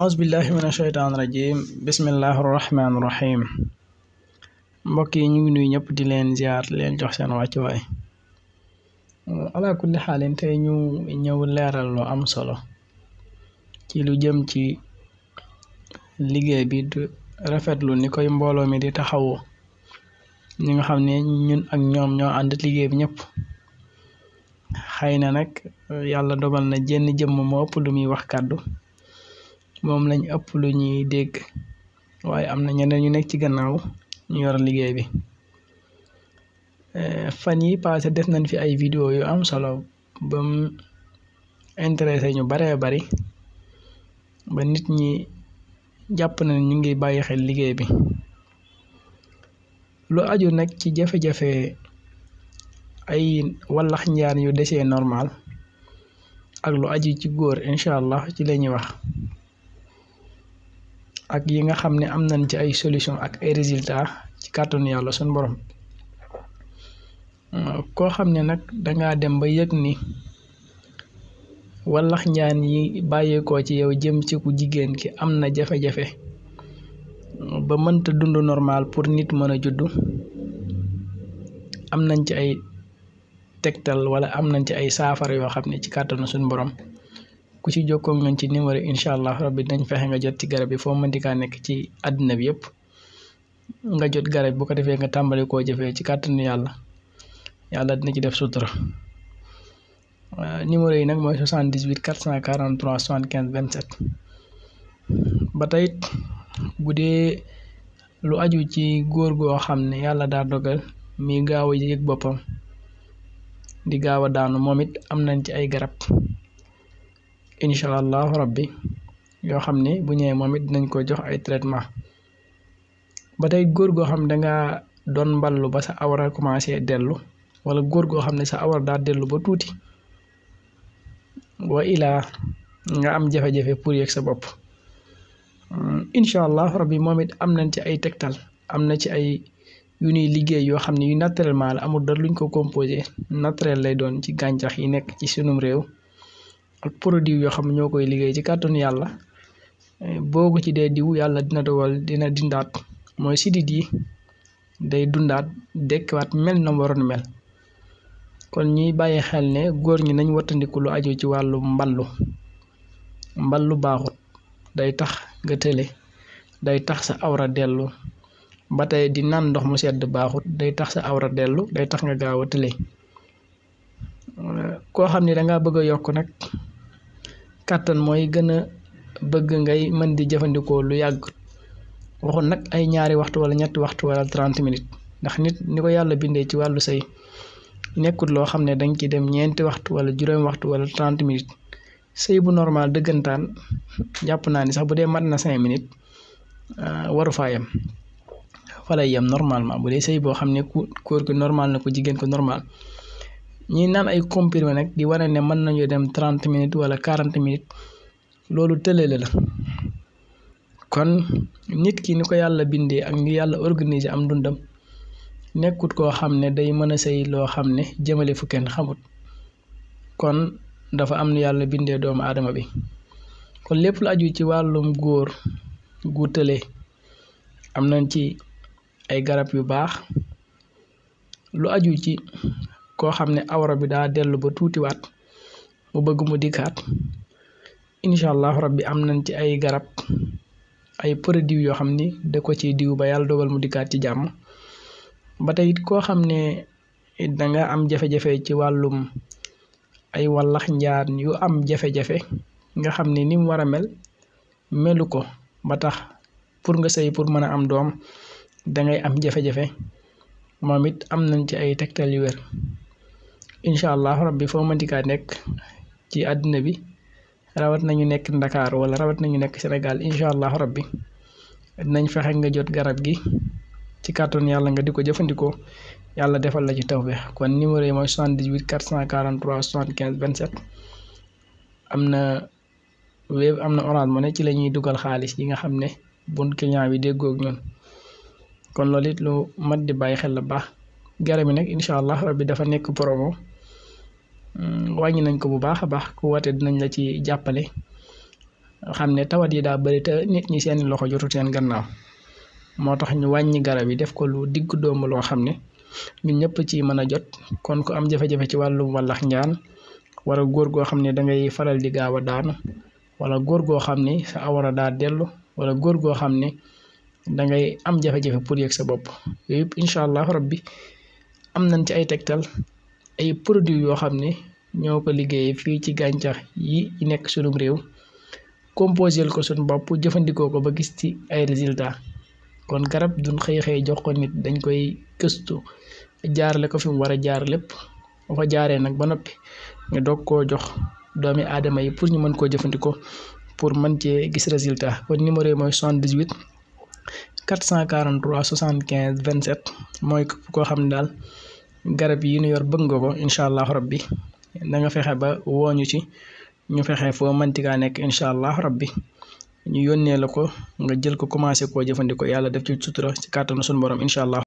aus billahi mina sheytaan rajim bismillahi rahim mbokk yi ñu ngi nuyu ñëpp di leen ziar leen jox seen wàccuwaay ala kulli xaalin tey ñu ñëw leeral lu am solo ci lu jëm ci liggéey bi rafetlu ni koy mbooloo mi di taxawoo ñi nga xam ne ñun ak ñoom ñoo ànd liggéey bi ñëpp xëy na nag yàlla dogal na jenn jëmm moo ëpp lu muy wax kàddu moom lañ ëpp lu ñuy dégg waaye am na ñeneen ñu nekk ci gannaaw ñu yor liggéey bi eh, fan yi passé des nañ fi ay vidéo yu am solo bam mu ñu baree bari ba nit ñi jàpp nañ ñu ngi bàyyi xel liggéey bi lu aju nag ci jafe-jafe ay wallax yu desee normal ak lu aju ci góor incha allah ci lañuy wax ak yi nga xam ne am nañ ci ay solution ak ay résultat ci kàttanu yàlla suñ borom koo xam ne nag dangaa dem ba yëg ni wala ñaan yi bàyyeekoo ci yow jëm ci ku jigéen ki am na jafe-jafe ba mënta dund normal pour nit mën a juddu am nañ ci ay tegtal wala am nañ ci ay saafara yoo xam ci kàttanu suñ borom ku ci jokkoo ngeen ci numéro yi incha allah rabbi dañ fexe nga jot ci garab yi foo mën di nekk ci àddina bi yëpp nga jot garab bu ko defee nga tàmbali koo jëfee ci kàttanu yàlla yàlla dina ci def sutura numéro yi nag mooy 78 443 75 27 ba tey it bu dee lu aju ci góor goo xam ne yàlla daa dogal mi gaaw a yëg boppam di gaaw a daanu moom it am nañ ci ay garab. incha allahu rabbi yoo xam ne bu ñëwee moom it dinañ ko jox ay traitement ba tey góor goo xam ne dangaa doon mballu ba sa awra commencé dellu wala góor goo xam ne sa awra daa dellu ba tuuti wa ilaa nga am jafe-jafe pour yegg sa bopp hmm, incha allah rabbi moom it am nañ ci ay tegtal am na ci ay yu nuy liggéey yoo xam ne yu naturellement la amul dara luñ ko composé naturel lay doon ci gàncax yi nekk ci sunum réew ak yoo xam ñoo koy liggéey ci kàttanu yàlla eh, boo ci dee diw yàlla dina dogal dina dindaat mooy sidit yi day dundaat dekkiwaat mel na mel kon ñuy bàyyi xel ne góor ñi nañ wattandiku lu aju ci wàllu mballu mballu baaxut day tax nga tële day tax sa awra dellu ba tey di naan ndox mu sedd baaxut day tax sa awra dellu day tax nga gaaw a tële eh, koo xam ne dangaa bëgg a yokk nag kàttan mooy gën a bëgg ngay mën di jëfandikoo lu yàgg waxoon nag ay ñaari waxtu wala ñetti waxtu wala trente minutes ndax nit ni ko yàlla bindee ci wàllu say nekkut loo xam ne dañ ci dem ñeenti waxtu wala juróom waxtu wala trente minutes sëy bu normal dëggantaan jàpp naa ni sax bu dee mat na cinq minutes ah, waru faa yem fa lay normalement bu dee sëy boo xam ne ku góor ko normal na ko jigéen ko normal ñuy naan ay comprimés nag di wane ne mën nañu dem trente minutes wala quarante minutes loolu tëlale la kon nit ki ni ko yàlla bindee ak ni yàlla organiser am dundam nekkut koo xam ne day mën a sëy loo xam ne jëmale fu kenn xamut kon dafa am nu yàlla bindee doomu aadama bi kon lépp lu aju ci wàllum góor gu tële am nañ ci ay garab yu baax lu aju ci koo xam ne awra bi daa dellu ba tuuti waat mu bëgg mu dikkaat incha allah rabbi am nañ ci ay garab ay produits yoo xam ni da ko ci diw ba yàlla dogal mu dikkaat ci jàmm ba tey it koo xam ne danga am jafe-jafe ci wàllum ay wallax njaan yu am jafe nga xam ne ni mu war a mel melu ko ba tax pour nga sëy pour mën a am doom dangay am jafe-jafe moom it am nañ ci ay tegtal yu wér incha allah rabbi foo mën di nekk ci àddina bi rawat nañu nekk Ndakaar wala rawat nañu nekk Sénégal incha allah rabbi nañ fexe nga jot garab gi ci kàttan yàlla nga di ko jëfandikoo yàlla defal la ci tawfeex kon numéro yi mooy 78 443 75 27 am na web am na Orange Money ci la ñuy dugal xaalis yi nga xam ne bun client bi déggook ak kon loolu it lu mat di bàyyi xel la baax garab yi nag incha allah rabbi dafa nekk promo. Mm, wàññi nañ ko bu baax a baax ku woote dinañ la ci jàppale xam ne tawat yi daa bëri te nit ñi seeni loxo jotu seen gannaaw moo tax ñu wàññi garab yi def ko lu digg doomu loo xam ne ñu ñëpp ci mën a jot kon ku am jafe-jafe ci wàllum wàllax njaan wala góor goo xam ne dangay faral di gaaw a daanu wala góor goo xam ne sa awara daa dellu wala góor goo xam ne dangay am jafe-jafe pour yëg sa bopp yooyu yëpp incha allah rabbi am nañ ci ay tegtal ay produits yoo xam ne ñoo ko liggéeyee fii ci gàncax yi nekk sunum réew composé ko suñ bopp jëfandikoo ko ba gis ci ay résultats kon garab duñ xëy xëy jox ko nit dañ koy gëstu jaarale ko fi mu war a jaar lépp ba fa jaaree nag ba noppi ñu doog koo jox doomi aadama yi pour ñu mën koo jëfandikoo pour mën cee gis résultat kon numéro yi mooy 78 443 75 27 mooy koo xam ne daal garab yi nu yor bëgg nga ko incha allah rabbi na nga fexe ba wooñu ci ñu fexe foo mantikaa nekk incha allah rabbi ñu yónnee la ko nga jël ko commencé koo jëfandikoo yàlla def ci sutura ci na sunu borom incha allah.